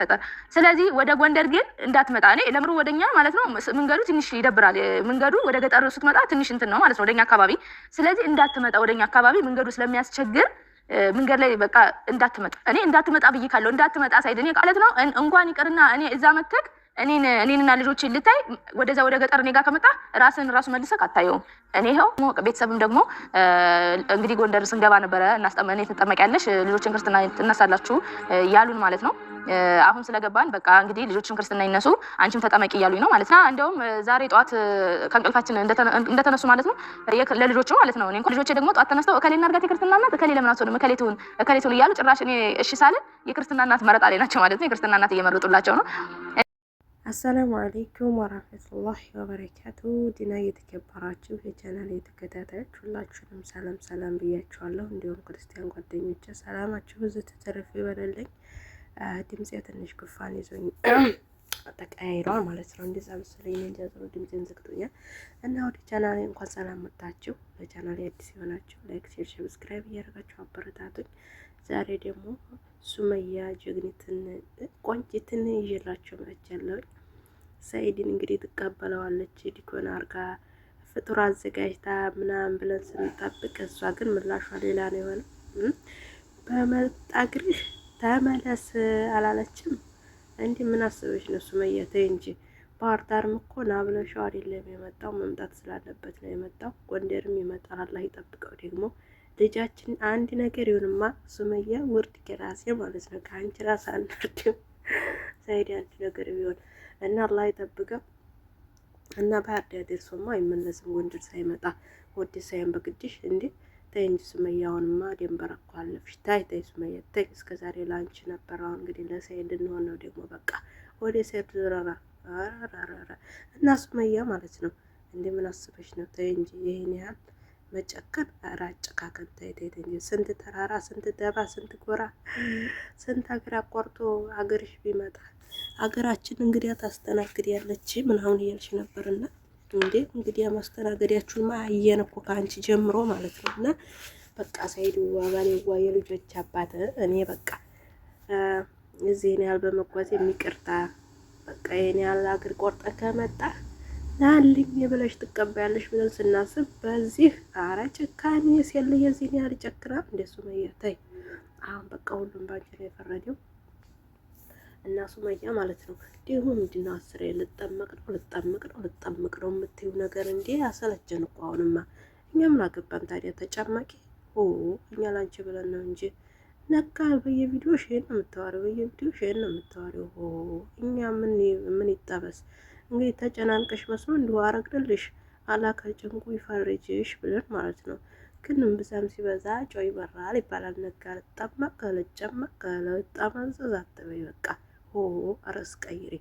ይፈጠር። ስለዚህ ወደ ጎንደር ግን እንዳትመጣ። እኔ ለምሩ ወደኛ ማለት ነው መንገዱ ትንሽ ይደብራል። መንገዱ ወደ ገጠር ስትመጣ ትንሽ እንትን ነው ማለት ነው ወደኛ አካባቢ። ስለዚህ እንዳትመጣ ወደኛ አካባቢ መንገዱ ስለሚያስቸግር መንገድ ላይ በቃ እንዳትመጣ። እኔ እንዳትመጣ ብዬ ካለው እንዳትመጣ ሳይድ እኔ ቃለት ነው እንኳን ይቅርና እኔ እዛ መተክ እኔንና ልጆችን ልታይ ወደዛ ወደ ገጠር እኔ ከመጣ ራስን ራሱ መልሰክ አታየውም። እኔ ይኸው ቤተሰብም ደግሞ እንግዲህ ጎንደር ስንገባ ነበረ እኔ ትጠመቂያለሽ ልጆችን ክርስትና ትነሳላችሁ ያሉን ማለት ነው። አሁን ስለገባን በቃ እንግዲህ ልጆችን ክርስትና ይነሱ አንቺም ተጠመቂ እያሉኝ ነው ማለት ነው። እንደውም ዛሬ ጠዋት ከእንቅልፋችን እንደተነሱ ማለት ነው ለልጆቹ ማለት ነው። እኔ ልጆቼ ደግሞ ጠዋት ተነስተው እከሌ እናድርጋት የክርስትና እናት እከሌ ለምን አትሆንም እከሌ እያሉ ጭራሽ እኔ እሺ ሳልን የክርስትና እናት መረጣ ላይ ናቸው ማለት ነው። የክርስትና እናት እየመረጡላቸው ነው። አሰላሙ አሌይኩም ወራህመቱላሂ ወበረካቱ ዲና እየተከበራችሁ የቻናል የተከታታዮች ሁላችሁንም ሰላም ሰላም ብያችኋለሁ። እንዲሁም ክርስቲያን ጓደኞቼ ሰላማችሁ ብዙ ተተረፍ ይበለልኝ። ድምፅ ትንሽ ጉፋን ይዞኝ ተቀያይሯል ማለት ነው። እንዲዛ ምስለኝ እንጃ ድምፅን እና ወደ ቻናሌ እንኳን ሰላም መጣችሁ። ለቻናሌ አዲስ የሆናችሁ ላይክ፣ ሼር፣ ሰብስክራይብ እያደረጋችሁ አበረታቱኝ። ዛሬ ደግሞ ሱመያ ጀግኒትን ቆንጅትን ይዤላችሁ መጥቻለሁ። ሰኢድን እንግዲህ ትቀበለዋለች ዲኮን አርጋ ፍጡር አዘጋጅታ ምናምን ብለን ስንጠብቅ እሷ ግን ምላሿ ሌላ ነው የሆነ በመጣ እግርህ ተመለስ አላለችም። እንዲህ ምን አስበሽ ነው ሱመያ? ተይ እንጂ ባህር ዳርም እኮ ና ብለሽው አይደለም የመጣው መምጣት ስላለበት ነው የመጣው። ጎንደርም ይመጣል፣ አላህ ይጠብቀው። ደግሞ ልጃችን አንድ ነገር ይሁንማ፣ ሱመያ ውርድ ከራሴ ማለት ነው ከአንቺ ራስ አንዳርድም ሳይድ አንድ ነገር ቢሆን እና አላህ ይጠብቀው እና ባህር ዳር ደርሶማ አይመለስም። ጎንደር ሳይመጣ ወደ ሳይን በግድሽ እንዴ ተይ እንጂ ሱመያ፣ አሁንማ ደንበር እኮ አለፍሽ። ታይ ታይ ሱመያ ታይ፣ እስከዛሬ ላንቺ ነበር። አሁን እንግዲህ ለሰይድ ልንሆን ነው ደግሞ በቃ ወደ ሳይድ ዞረናል። አራራራ እና ሱመያ ማለት ነው። እንደምን አስበሽ ነው? ተይ እንጂ ይህን ያህል መጨከን፣ ተይ ተይ ተይ። ስንት ተራራ፣ ስንት ደባ፣ ስንት ጎራ፣ ስንት ሀገር አቋርጦ ሀገርሽ ቢመጣ ሀገራችን እንግዲያ ታስተናግድ ያለች ምን አሁን እያልሽ ነበርና እንዴ እንግዲያ ማስተናገዳችሁን እኮ ከአንቺ ጀምሮ ማለት ነው። እና በቃ ሳይድ የልጆች አባት እኔ በቃ እዚህን ያህል በመጓዝ የሚቅርታ በቃ የኔ ያለ አገር ቆርጠ ከመጣ ናልኝ ብለሽ ትቀበያለሽ ብለን ስናስብ በዚህ አረ ጭካኔ የለ የዚህን ያህል ጨክራ እንደ ሱመያ ተይ። አሁን በቃ ሁሉም ባንቺ ነው የፈረደው እና ሱመያ ማለት ነው ደግሞ ምንድነው ነው አስሬ ልጠመቅ ነው ልጠመቅ ነው ልጠመቅ ነው የምትይው ነገር እንዴ አሰለቸን እኮ አሁንማ። እኛ ምን አገባን ታዲያ ተጫማቂ ሆ እኛ ላንቺ ብለን ነው እንጂ ነቃ በየቪዲዮ ሼር ነው የምታወሪው፣ በየቪዲዮ ሼር ነው የምታወሪው። እኛ ምን ምን ይጠበስ እንግዲህ ተጨናንቀሽ መስሎ እንዲሁ አረግልልሽ አላከ ጭንቁ ይፈርጅሽ ብለን ማለት ነው። ግን ብዛም ሲበዛ ጨው ይበራል ይባላል። ነጋ ልጠመቅ ልጨመቅ ልጠመዘዝ አትበይ በቃ ሆ አረስ ቀይሪ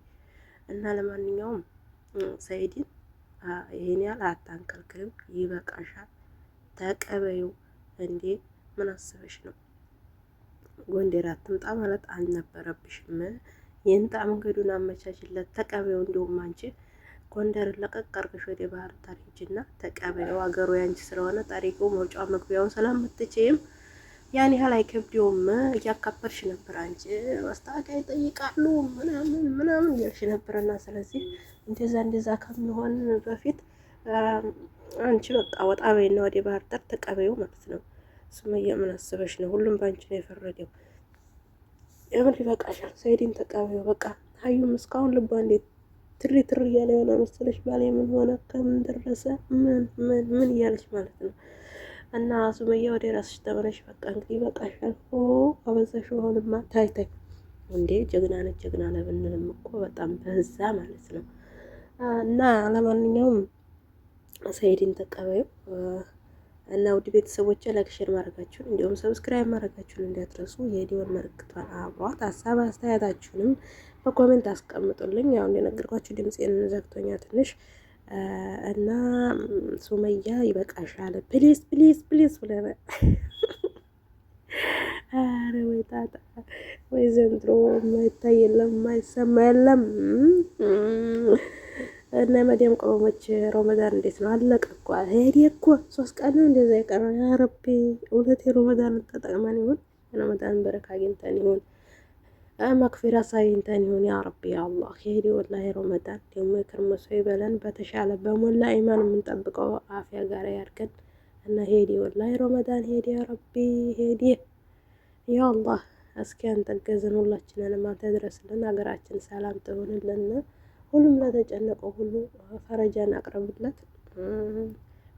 እና ለማንኛውም ሰኢድን ይሄን ያህል አታንከልክልም። ይበቃሻል፣ ተቀበዩ እንዴ ምን አስበሽ ነው? ጎንደር አትምጣ ማለት አልነበረብሽም። ይህን መንገዱን አመቻችለት ተቀበው እንዲሁም አንቺ ጎንደርን ለቀቅ አድርገሽ ወደ ባህር ዳር ሂጂና ተቀበይው። አገሩ ያንቺ ስለሆነ ጠሪቁ መውጫ መግቢያውን ስለምትችይም ያን ያህል አይከብደውም። እያካበርሽ ነበር አንቺ ማስታወቂያ ይጠይቃሉ ምናምን ምናምን እያልሽ ነበርና ስለዚህ እንደዛ እንደዛ ከሚሆን በፊት አንቺ በቃ ወጣ በይና ወደ ባህር ዳር ተቀበይው ማለት ነው። ሱመያ ምን አስበሽ ነው? ሁሉም በአንቺ ነው የፈረደው። የምር ይበቃሻል። ሰኢድን ተቃቢው በቃ። ሀዩም እስካሁን ልቧ እንዴት ትሪ ትሪ እያለ የሆነ መሰለሽ ባል የምን ሆነ ከምን ደረሰ ምን ምን ምን እያለች ማለት ነው። እና ሱመያ ወደ ራስሽ ተመለሽ በቃ። እንግዲህ ይበቃሻል። ሆ አበዛሽ። ሆንማ ታይታይ እንዴ ጀግና ነች ጀግና ነው ብንልም እኮ በጣም በዛ ማለት ነው። እና ለማንኛውም ሰኢድን ተቀበዩ። እና ውድ ቤተሰቦች ላይክ፣ ሼር ማድረጋችሁን እንዲሁም ሰብስክራይብ ማድረጋችሁን እንዳትረሱ። የዲዮን መልክቷን አብሯት። ሀሳብ አስተያየታችሁንም በኮሜንት አስቀምጡልኝ። ያው እንደነገርኳችሁ ድምፄን ዘግቶኛል ትንሽ እና ሱመያ ይበቃሻል፣ ፕሊዝ ፕሊዝ ፕሊዝ ብለና አረ ወይ ጣጣ ወይ ዘንድሮ የማይታይ የለም የለም። እና መዲያም ቅመሞች ሮመዳን እንዴት ነው? አለቀ እኮ ሄዴ እኮ ሶስት ቀን ነው እንደዛ ያ ረቢ እውነት የሮመዳን ተጠቅመን ይሁን ረመዳን በረካ አግኝተን ይሁን መክፊራ ሳይንተን ይሁን ያ አላ ሄዴ ወላ ሮመዳን ደግሞ የክርመሶ ይበለን በተሻለ በሞላ ኢማን የምንጠብቀው አፍያ ጋር ያድርገን እና ሄዴ ወላ ሮመዳን ሄዴ ረቢ ሄዴ ያ አላህ እስኪ አንተገዘን ሁላችንን ሀገራችን ሰላም ትሆንልን። ሁሉም ለተጨነቀው ሁሉ ፈረጃን አቅርብለት፣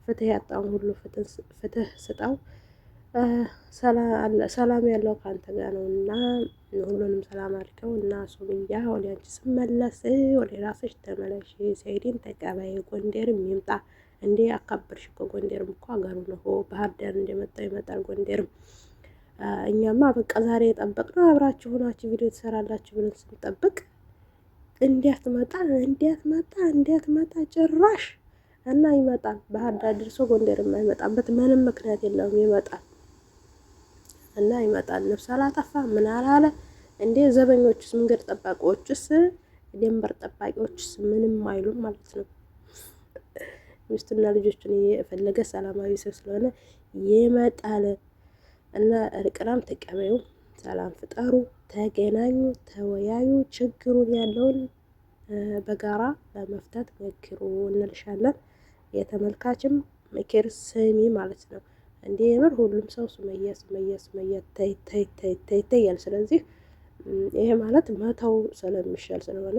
ፍትህ ያጣውን ሁሉ ፍትህ ስጣው። ሰላም ያለው ከአንተ ጋር ነው እና ሁሉንም ሰላም አድርገው እና ሱምያ ወደ አንቺ ስመለስ ወደ ራስሽ ተመለሽ። ሰይድን ተቀበይ። ጎንደርም ይምጣ እንዴ አካበርሽ እኮ ጎንደርም እኮ ሀገሩ ነው። ባህር ዳር እንደመጣው ይመጣል ጎንደርም። እኛማ በቃ ዛሬ የጠበቅነው አብራችሁ ሆናችሁ ቪዲዮ ትሰራላችሁ ብለን ስንጠብቅ እንዲያትመጣ እንዲያትመጣ እንዲያትመጣ ጭራሽ እና ይመጣል። ባህር ዳር ደርሶ ጎንደር የማይመጣበት ምንም ምክንያት የለውም። ይመጣል እና ይመጣል። ነፍስ አላጠፋ ምን አላለ እንዴ? ዘበኞችስ፣ መንገድ ጠባቂዎቹስ ደንበር ጠባቂዎቹስ ምንም አይሉም ማለት ነው። ሚስቱና ልጆቹን የፈለገ ሰላማዊ ሰው ስለሆነ ይመጣል እና እርቅናም ተቀበዩ፣ ሰላም ፍጠሩ። ተገናኙ፣ ተወያዩ፣ ችግሩን ያለውን በጋራ ለመፍታት ሞክሩ እንልሻለን። የተመልካችም ምክር ስሚ ማለት ነው። እንዲ የምር ሁሉም ሰው ሱመያ ሱመያ ሱመያ ተይ ተይ ተይ ተይ ይላል። ስለዚህ ይሄ ማለት መተው ስለሚሻል ስለሆነ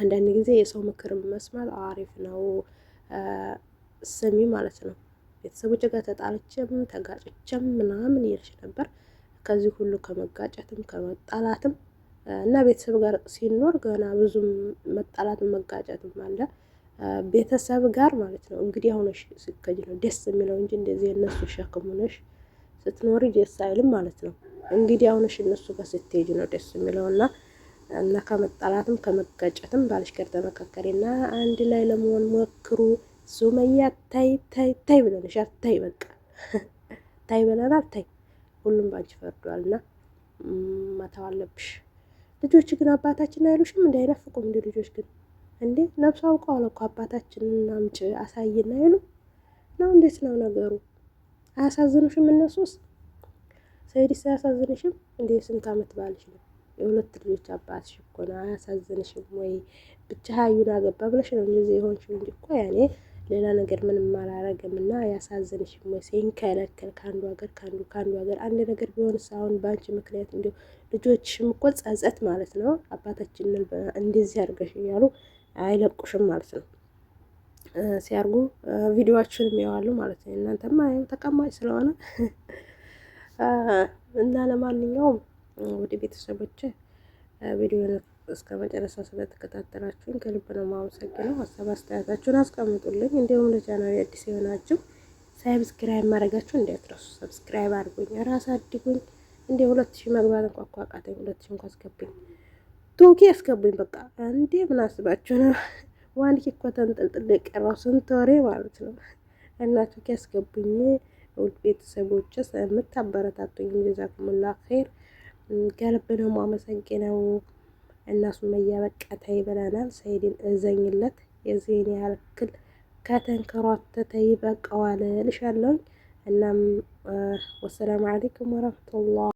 አንዳንድ ጊዜ የሰው ምክር መስማት አሪፍ ነው። ስሚ ማለት ነው። ቤተሰቦች ጋር ተጣልቼም ተጋጭቼም ምናምን ይልሽ ነበር ከዚህ ሁሉ ከመጋጨትም ከመጣላትም እና ቤተሰብ ጋር ሲኖር ገና ብዙም መጣላት መጋጨትም አለ። ቤተሰብ ጋር ማለት ነው እንግዲህ ሆነሽ ስከጅ ነው ደስ የሚለው እንጂ እንደዚህ የእነሱ ሸክም ሆነሽ ስትኖሪ ደስ አይልም ማለት ነው። እንግዲህ አሁነሽ እነሱ ጋር ስትሄጂ ነው ደስ የሚለው እና እና ከመጣላትም ከመጋጨትም ባልሽ ጋር ተመካከሪና አንድ ላይ ለመሆን ሞክሩ። ሱመያ ታይ ታይ ታይ ብለንሻል። ታይ በቃ ታይ ብለናል። ታይ ሁሉም ባንቺ ፈርዷል እና መተው አለብሽ። ልጆች ግን አባታችን አይሉሽም እንደ አይናፍቁም እንዲ ልጆች ግን እንዴ ነብሱ አውቀዋል እኮ አባታችንን አምጪ አሳይን አይሉ ነው። እንዴት ነው ነገሩ? አያሳዝኑሽም? እነሱስ ሰይድስ አያሳዝንሽም እንዴ? ስንት አመት ባልሽ ነው የሁለት ልጆች አባትሽ እኮ ነው። አያሳዝንሽም ወይ? ብቻ ሀዩን አገባ ብለሽ ነው እንደዚህ የሆንሽ እንጂ እኮ ያኔ ሌላ ነገር ምንም አላረግም እና ያሳዘንሽ ሲንከለከል ከአንዱ ሀገር ከአንዱ ከአንዱ ሀገር አንድ ነገር ቢሆን ሳሁን በአንቺ ምክንያት እንዲሁ ልጆችሽም እኮ ጸጸት ማለት ነው አባታችን እንደዚህ አድርገሽ እያሉ አይለቁሽም ማለት ነው። ሲያርጉ ቪዲዮዎችን ያዋሉ ማለት ነው። እናንተማ ተቀማጭ ስለሆነ እና ለማንኛውም ወደ ቤተሰቦች ቪዲዮ እስከ መጨረሻ ስለተከታተላችሁኝ ከልብ ነው ማመሰግነው። ሀሳብ አስተያየታችሁን አስቀምጡልኝ። እንዲሁም ለቻናል አዲስ የሆናችሁ ሳብስክራይብ ማድረጋችሁ እንዳትረሱ። ሰብስክራይብ አድርጉኝ፣ ራስ አድጉኝ። እንደ ሁለት ሺህ መግባት እንኳ እኮ አቃተኝ። ሁለት ሺህ እንኳ አስገቡኝ፣ ቶኪ አስገቡኝ። በቃ እንዴ ምን አስባችሁ ነው? ዋን ኪ እኮ ተንጠልጥሎ የቀረው ስንት ወሬ ማለት ነው። እና ቶኪ አስገቡኝ። ውድ ቤተሰቦች የምታበረታቱኝ ጀዛኩሙላሁ ኸይር። ከልብ ነው ማመሰግነው። እና ሱመያ በቃ ተይ ብለናል። ሰኢድን እዘኝለት የዚህን ያህል ክል ከተንከሯተተ ይበቃዋል እልሻለሁኝ። እናም ወሰላሙ አሌይኩም ወረህመቱላህ